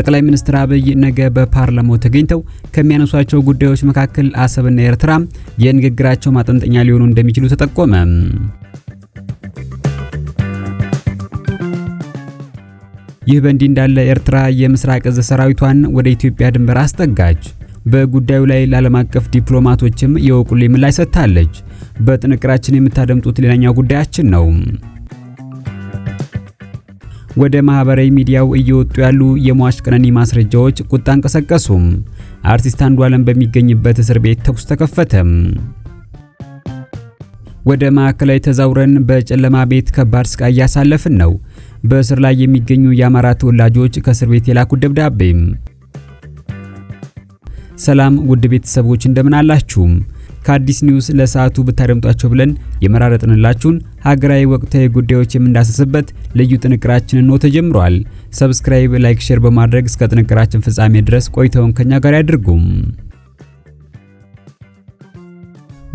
ጠቅላይ ሚኒስትር አብይ ነገ በፓርላማው ተገኝተው ከሚያነሷቸው ጉዳዮች መካከል አሰብና ኤርትራ የንግግራቸው ማጠንጠኛ ሊሆኑ እንደሚችሉ ተጠቆመ። ይህ በእንዲህ እንዳለ ኤርትራ የምስራቅ እዝ ሰራዊቷን ወደ ኢትዮጵያ ድንበር አስጠጋች። በጉዳዩ ላይ ለዓለም አቀፍ ዲፕሎማቶችም የወቁልኝ ምላሽ ሰጥታለች። በጥንቅራችን የምታደምጡት ሌላኛው ጉዳያችን ነው። ወደ ማህበራዊ ሚዲያው እየወጡ ያሉ የሟች ቀነኒ ማስረጃዎች ቁጣ አንቀሰቀሱ። አርቲስት አንዷለም በሚገኝበት እስር ቤት ተኩስ ተከፈተ። ወደ ማዕከላዊ ተዛውረን በጨለማ ቤት ከባድ ስቃይ እያሳለፍን ነው። በእስር ላይ የሚገኙ የአማራ ተወላጆች ከእስር ቤት የላኩት ደብዳቤም። ሰላም ውድ ቤተሰቦች እንደምን አላችሁም? ከአዲስ ኒውስ ለሰዓቱ ብታደምጧቸው ብለን የመራረጥንላችሁን ሀገራዊ ወቅታዊ ጉዳዮች የምንዳሰስበት ልዩ ጥንቅራችን ነው ተጀምሯል። ሰብስክራይብ፣ ላይክ፣ ሼር በማድረግ እስከ ጥንቅራችን ፍጻሜ ድረስ ቆይተውን ከኛ ጋር ያድርጉም።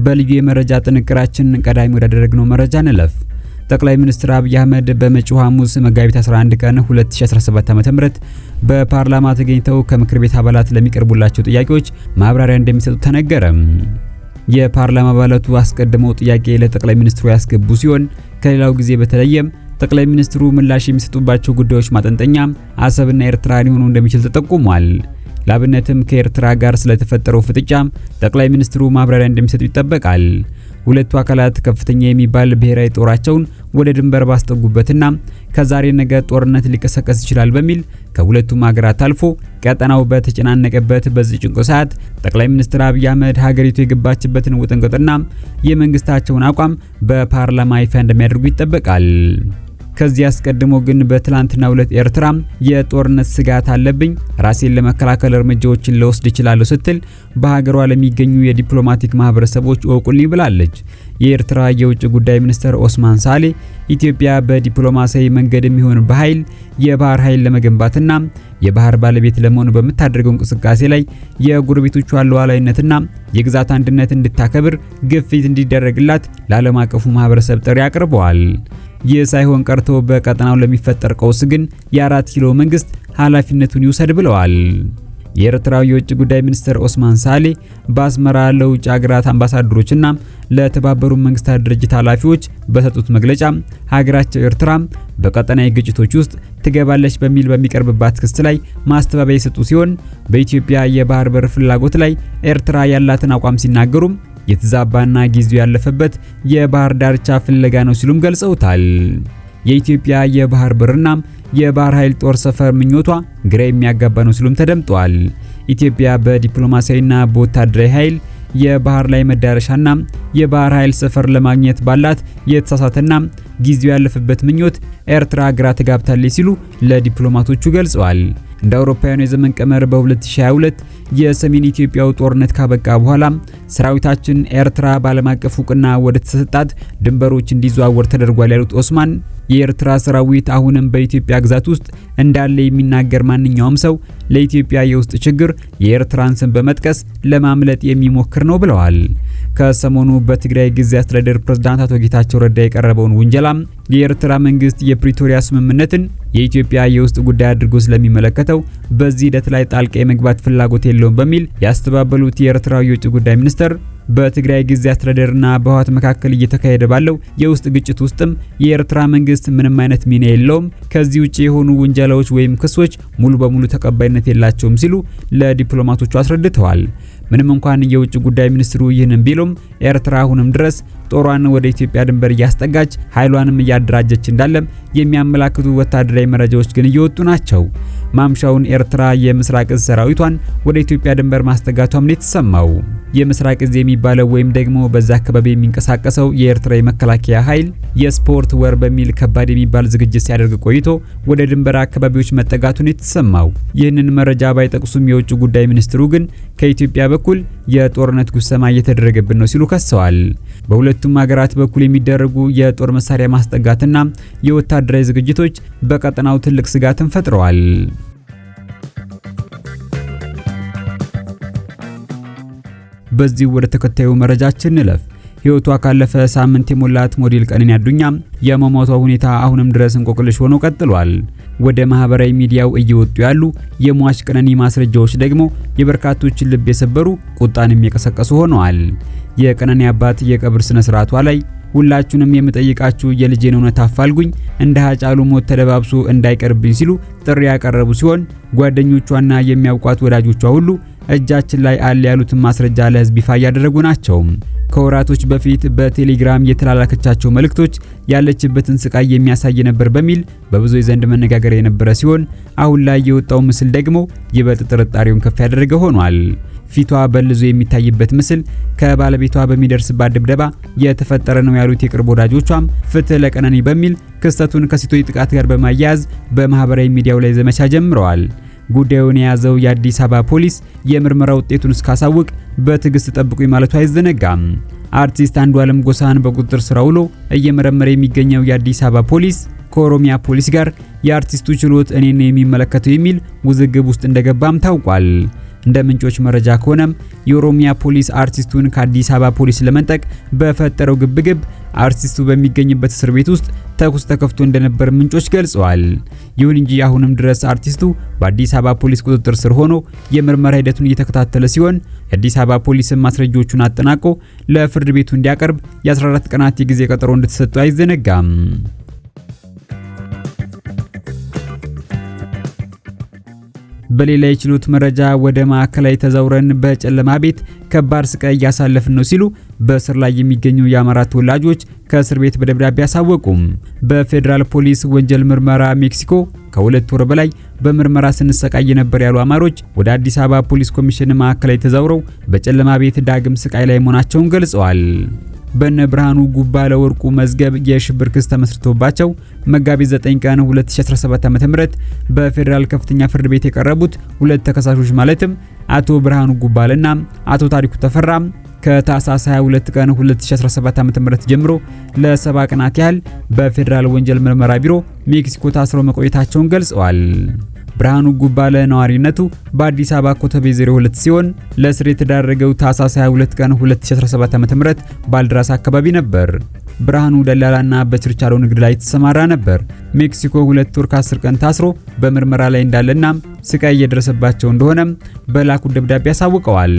በልዩ የመረጃ ጥንቅራችን ቀዳሚ ወዳደረግነው መረጃ ንለፍ። ጠቅላይ ሚኒስትር አብይ አህመድ በመጪው ሐሙስ መጋቢት 11 ቀን 2017 ዓ.ም በፓርላማ ተገኝተው ከምክር ቤት አባላት ለሚቀርቡላቸው ጥያቄዎች ማብራሪያ እንደሚሰጡ ተነገረ። የፓርላማ አባላቱ አስቀድመው ጥያቄ ለጠቅላይ ሚኒስትሩ ያስገቡ ሲሆን ከሌላው ጊዜ በተለየም ጠቅላይ ሚኒስትሩ ምላሽ የሚሰጡባቸው ጉዳዮች ማጠንጠኛ አሰብና ኤርትራ ሊሆኑ እንደሚችል ተጠቁሟል። ላብነትም ከኤርትራ ጋር ስለተፈጠረው ፍጥጫም ጠቅላይ ሚኒስትሩ ማብራሪያ እንደሚሰጡ ይጠበቃል። ሁለቱ አካላት ከፍተኛ የሚባል ብሔራዊ ጦራቸውን ወደ ድንበር ባስጠጉበትና ከዛሬ ነገ ጦርነት ሊቀሰቀስ ይችላል በሚል ከሁለቱም ሀገራት አልፎ ቀጠናው በተጨናነቀበት በዚህ ጭንቆ ሰዓት ጠቅላይ ሚኒስትር አብይ አህመድ ሀገሪቱ የገባችበትን ውጥንቅጥና የመንግስታቸውን አቋም በፓርላማ ይፋ እንደሚያደርጉ ይጠበቃል። ከዚህ አስቀድሞ ግን በትላንትና ሁለት ኤርትራ የጦርነት ስጋት አለብኝ፣ ራሴን ለመከላከል እርምጃዎችን ለወስድ እችላለሁ ስትል በሀገሯ ለሚገኙ የዲፕሎማቲክ ማህበረሰቦች እወቁልኝ ብላለች። የኤርትራ የውጭ ጉዳይ ሚኒስትር ኦስማን ሳሌ ኢትዮጵያ በዲፕሎማሲያዊ መንገድ የሚሆን በኃይል የባህር ኃይል ለመገንባትና የባህር ባለቤት ለመሆኑ በምታደርገው እንቅስቃሴ ላይ የጎረቤቶቿ ሉዓላዊነትና የግዛት አንድነት እንድታከብር ግፊት እንዲደረግላት ለዓለም አቀፉ ማህበረሰብ ጥሪ አቅርበዋል። ይህ ሳይሆን ቀርቶ በቀጠናው ለሚፈጠር ቀውስ ግን የአራት ኪሎ መንግስት ኃላፊነቱን ይውሰድ ብለዋል። የኤርትራው የውጭ ጉዳይ ሚኒስትር ኦስማን ሳሌ በአስመራ ለውጭ ሀገራት አምባሳደሮችና ለተባበሩ መንግስታት ድርጅት ኃላፊዎች በሰጡት መግለጫ ሀገራቸው ኤርትራ በቀጠናዊ ግጭቶች ውስጥ ትገባለች በሚል በሚቀርብባት ክስ ላይ ማስተባበያ የሰጡ ሲሆን በኢትዮጵያ የባህር በር ፍላጎት ላይ ኤርትራ ያላትን አቋም ሲናገሩም የተዛባና ጊዜው ያለፈበት የባህር ዳርቻ ፍለጋ ነው ሲሉም ገልጸውታል። የኢትዮጵያ የባህር በርና የባህር ኃይል ጦር ሰፈር ምኞቷ ግራ የሚያጋባ ነው ሲሉም ተደምጧል። ኢትዮጵያ በዲፕሎማሲያዊና በወታደራዊ ኃይል የባህር ላይ መዳረሻና የባህር ኃይል ሰፈር ለማግኘት ባላት የተሳሳተና ጊዜው ያለፈበት ምኞት ኤርትራ ግራ ተጋብታለች ሲሉ ለዲፕሎማቶቹ ገልጸዋል። እንደ አውሮፓውያኑ የዘመን ቀመር በ2022 የሰሜን ኢትዮጵያው ጦርነት ካበቃ በኋላ ሰራዊታችን ኤርትራ በዓለም አቀፍ እውቅና ወደ ተሰጣት ድንበሮች እንዲዘዋወር ተደርጓል ያሉት ኦስማን የኤርትራ ሰራዊት አሁንም በኢትዮጵያ ግዛት ውስጥ እንዳለ የሚናገር ማንኛውም ሰው ለኢትዮጵያ የውስጥ ችግር የኤርትራን ስም በመጥቀስ ለማምለጥ የሚሞክር ነው ብለዋል። ከሰሞኑ በትግራይ ጊዜ አስተዳደር ፕሬዝዳንት አቶ ጌታቸው ረዳ የቀረበውን ውንጀላም የኤርትራ መንግስት የፕሪቶሪያ ስምምነትን የኢትዮጵያ የውስጥ ጉዳይ አድርጎ ስለሚመለከተው በዚህ ሂደት ላይ ጣልቃ የመግባት ፍላጎት የለውም በሚል ያስተባበሉት የኤርትራው የውጭ ጉዳይ ሚኒስተር በትግራይ ጊዜ አስተዳደርና በህወሓት መካከል እየተካሄደ ባለው የውስጥ ግጭት ውስጥም የኤርትራ መንግስት ምንም አይነት ሚና የለውም፣ ከዚህ ውጪ የሆኑ ውንጀላዎች ወይም ክሶች ሙሉ በሙሉ ተቀባይነት የላቸውም ሲሉ ለዲፕሎማቶቹ አስረድተዋል። ምንም እንኳን የውጭ ጉዳይ ሚኒስትሩ ይህንን ቢሉም ኤርትራ አሁንም ድረስ ጦሯን ወደ ኢትዮጵያ ድንበር እያስጠጋች ኃይሏንም እያደራጀች እንዳለም የሚያመላክቱ ወታደራዊ መረጃዎች ግን እየወጡ ናቸው። ማምሻውን ኤርትራ የምስራቅ እዝ ሰራዊቷን ወደ ኢትዮጵያ ድንበር ማስጠጋቷም ነው የተሰማው። የምስራቅ እዝ የሚባለው ወይም ደግሞ በዛ አካባቢ የሚንቀሳቀሰው የኤርትራ የመከላከያ ኃይል የስፖርት ወር በሚል ከባድ የሚባል ዝግጅት ሲያደርግ ቆይቶ ወደ ድንበር አካባቢዎች መጠጋቱን የተሰማው። ይህንን መረጃ ባይጠቅሱም የውጭ ጉዳይ ሚኒስትሩ ግን ከኢትዮጵያ በኩል የጦርነት ጉሰማ እየተደረገብን ነው ሲሉ ከሰዋል። በሁለቱ በሁለቱም ሀገራት በኩል የሚደረጉ የጦር መሳሪያ ማስጠጋትና የወታደራዊ ዝግጅቶች በቀጠናው ትልቅ ስጋትን ፈጥረዋል። በዚህ ወደ ተከታዩ መረጃችን እንለፍ። ህይወቷ ካለፈ ሳምንት የሞላት ሞዴል ቀነኒ አዱኛ የመሞቷ ሁኔታ አሁንም ድረስ እንቆቅልሽ ሆኖ ቀጥሏል። ወደ ማህበራዊ ሚዲያው እየወጡ ያሉ የሟች ቀነኒ ማስረጃዎች ደግሞ የበርካቶችን ልብ የሰበሩ ቁጣን የሚቀሰቀሱ ሆነዋል። የቀነኒ አባት የቀብር ስነ ስርዓቷ ላይ ሁላችሁንም የምጠይቃችሁ የልጄን እውነት አፋልጉኝ፣ እንደ ሀጫሉ ሞት ተደባብሶ እንዳይቀርብኝ ሲሉ ጥሪ ያቀረቡ ሲሆን ጓደኞቿና የሚያውቋት ወዳጆቿ ሁሉ እጃችን ላይ አለ ያሉትን ማስረጃ ለህዝብ ይፋ እያደረጉ ናቸው። ከወራቶች በፊት በቴሌግራም የተላላከቻቸው መልእክቶች ያለችበትን ስቃይ የሚያሳይ ነበር በሚል በብዙ ዘንድ መነጋገር የነበረ ሲሆን አሁን ላይ የወጣው ምስል ደግሞ ይበልጥ ጥርጣሬውን ከፍ ያደረገ ሆኗል። ፊቷ በልዞ የሚታይበት ምስል ከባለቤቷ በሚደርስባት ድብደባ የተፈጠረ ነው ያሉት የቅርብ ወዳጆቿም ፍትህ ለቀነኒ በሚል ክስተቱን ከሴቶች ጥቃት ጋር በማያያዝ በማህበራዊ ሚዲያው ላይ ዘመቻ ጀምረዋል። ጉዳዩን የያዘው የአዲስ አበባ ፖሊስ የምርመራ ውጤቱን እስካሳውቅ በትዕግስት ጠብቁኝ ማለቱ አይዘነጋም። አርቲስት አንዷለም ጎሳን በቁጥጥር ስር ውሎ እየመረመረ የሚገኘው የአዲስ አበባ ፖሊስ ከኦሮሚያ ፖሊስ ጋር የአርቲስቱ ችሎት እኔን የሚመለከተው የሚል ውዝግብ ውስጥ እንደገባም ታውቋል። እንደ ምንጮች መረጃ ከሆነም የኦሮሚያ ፖሊስ አርቲስቱን ከአዲስ አበባ ፖሊስ ለመንጠቅ በፈጠረው ግብግብ አርቲስቱ በሚገኝበት እስር ቤት ውስጥ ተኩስ ተከፍቶ እንደነበር ምንጮች ገልጸዋል። ይሁን እንጂ አሁንም ድረስ አርቲስቱ በአዲስ አበባ ፖሊስ ቁጥጥር ስር ሆኖ የምርመራ ሂደቱን እየተከታተለ ሲሆን የአዲስ አበባ ፖሊስም ማስረጃዎቹን አጠናቆ ለፍርድ ቤቱ እንዲያቀርብ የ14 ቀናት የጊዜ ቀጠሮ እንደተሰጠ አይዘነጋም። በሌላ የችሎት መረጃ ወደ ማዕከላዊ ተዛውረን በጨለማ ቤት ከባድ ስቃይ እያሳለፍን ነው ሲሉ በእስር ላይ የሚገኙ የአማራ ተወላጆች ከእስር ቤት በደብዳቤ አሳወቁም። በፌዴራል ፖሊስ ወንጀል ምርመራ ሜክሲኮ ከሁለት ወር በላይ በምርመራ ስንሰቃይ ነበር ያሉ አማሮች ወደ አዲስ አበባ ፖሊስ ኮሚሽን ማዕከላዊ ተዛውረው በጨለማ ቤት ዳግም ስቃይ ላይ መሆናቸውን ገልጸዋል። በነ ብርሃኑ ጉባ ለወርቁ መዝገብ የሽብር ክስ ተመስርቶባቸው መጋቢት 9 ቀን 2017 ዓ.ም በፌዴራል ከፍተኛ ፍርድ ቤት የቀረቡት ሁለት ተከሳሾች ማለትም አቶ ብርሃኑ ጉባልና አቶ ታሪኩ ተፈራ ከታህሳስ 22 ቀን 2017 ዓ.ም ጀምሮ ለሰባ ቀናት ያህል በፌዴራል ወንጀል ምርመራ ቢሮ ሜክሲኮ ታስረው መቆየታቸውን ገልጸዋል። ብርሃኑ ጉባለ ነዋሪነቱ በአዲስ አበባ ኮተቤ 02 ሲሆን ለእስር የተዳረገው ታህሳስ 22 ቀን 2017 ዓ.ም ባልደራስ አካባቢ ነበር። ብርሃኑ ደላላና በችርቻሮ ንግድ ላይ ተሰማራ ነበር። ሜክሲኮ ሁለት ወር ከአስር ቀን ታስሮ በምርመራ ላይ እንዳለና ስቃይ እየደረሰባቸው እንደሆነም በላኩ ደብዳቤ አሳውቀዋል።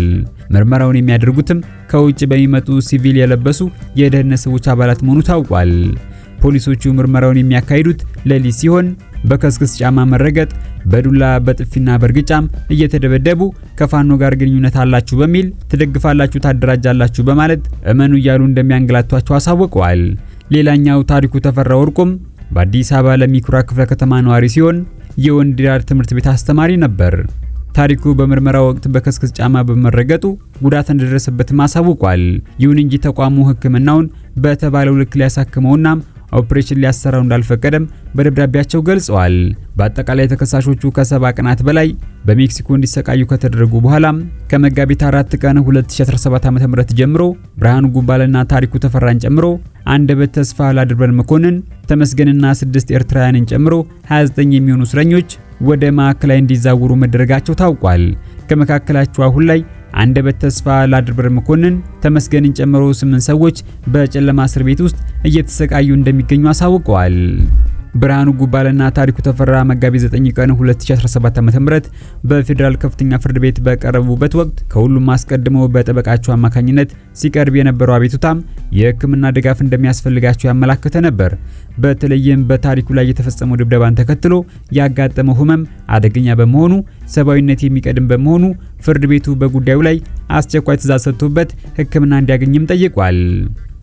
ምርመራውን የሚያደርጉትም ከውጭ በሚመጡ ሲቪል የለበሱ የደህንነት ሰዎች አባላት መሆኑ ታውቋል። ፖሊሶቹ ምርመራውን የሚያካሂዱት ሌሊት ሲሆን በከስክስ ጫማ መረገጥ፣ በዱላ በጥፊና በእርግጫም እየተደበደቡ ከፋኖ ጋር ግንኙነት አላችሁ በሚል ትደግፋላችሁ፣ ታደራጃላችሁ በማለት እመኑ እያሉ እንደሚያንገላቷቸው አሳውቀዋል። ሌላኛው ታሪኩ ተፈራ ወርቁም በአዲስ አበባ ለሚኩራ ክፍለ ከተማ ነዋሪ ሲሆን የወንዲራር ትምህርት ቤት አስተማሪ ነበር። ታሪኩ በምርመራ ወቅት በከስክስ ጫማ በመረገጡ ጉዳት እንደደረሰበትም አሳውቋል። ይሁን እንጂ ተቋሙ ሕክምናውን በተባለው ልክ ሊያሳክመውና ኦፕሬሽን ሊያሰራው እንዳልፈቀደም በደብዳቤያቸው ገልጸዋል። በአጠቃላይ ተከሳሾቹ ከሰባ ቀናት በላይ በሜክሲኮ እንዲሰቃዩ ከተደረጉ በኋላ ከመጋቢት 4 ቀን 2017 ዓ.ም ጀምሮ ብርሃኑ ጉባለና ታሪኩ ተፈራን ጨምሮ አንደበት ተስፋ ላድርበን መኮንን ተመስገንና ስድስት ኤርትራውያንን ጨምሮ 29 የሚሆኑ እስረኞች ወደ ማዕከላዊ እንዲዛወሩ መደረጋቸው ታውቋል። ከመካከላቸው አሁን ላይ አንደበት ተስፋ ላድርበር መኮንን ተመስገንን ጨምሮ ስምንት ሰዎች በጨለማ እስር ቤት ውስጥ እየተሰቃዩ እንደሚገኙ አሳውቀዋል። ብርሃኑ ጉባለና ታሪኩ ተፈራ መጋቢት 9 ቀን 2017 ዓ.ም በፌዴራል ከፍተኛ ፍርድ ቤት በቀረቡበት ወቅት ከሁሉም አስቀድሞ በጠበቃቸው አማካኝነት ሲቀርብ የነበረው አቤቱታም የሕክምና ድጋፍ እንደሚያስፈልጋቸው ያመላከተ ነበር። በተለይም በታሪኩ ላይ የተፈጸመው ድብደባን ተከትሎ ያጋጠመው ህመም አደገኛ በመሆኑ ሰብአዊነት የሚቀድም በመሆኑ ፍርድ ቤቱ በጉዳዩ ላይ አስቸኳይ ትዕዛዝ ሰጥቶበት ሕክምና እንዲያገኝም ጠይቋል።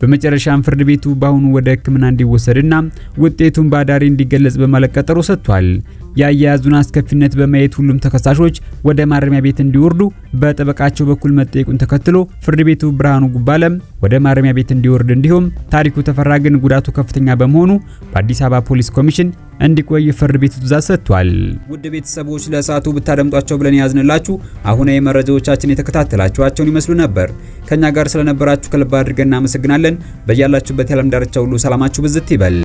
በመጨረሻም ፍርድ ቤቱ በአሁኑ ወደ ህክምና እንዲወሰድና ውጤቱን በአዳሪ እንዲገለጽ በማለት ቀጠሮ ሰጥቷል። የአያያዙን አስከፊነት በማየት ሁሉም ተከሳሾች ወደ ማረሚያ ቤት እንዲወርዱ በጠበቃቸው በኩል መጠየቁን ተከትሎ ፍርድ ቤቱ ብርሃኑ ጉባለም ወደ ማረሚያ ቤት እንዲወርድ እንዲሁም ታሪኩ ተፈራ ግን ጉዳቱ ከፍተኛ በመሆኑ በአዲስ አበባ ፖሊስ ኮሚሽን እንዲቆይ ፍርድ ቤቱ ትዕዛዝ ሰጥቷል። ውድ ቤተሰቦች ለሰዓቱ ብታደምጧቸው ብለን ያዝንላችሁ አሁን የመረጃዎቻችን የተከታተላችኋቸውን ይመስሉ ነበር። ከኛ ጋር ስለነበራችሁ ከልብ አድርገን እናመሰግናለን። በያላችሁበት የዓለም ዳርቻ ሁሉ ሰላማችሁ ብዝት ይበል።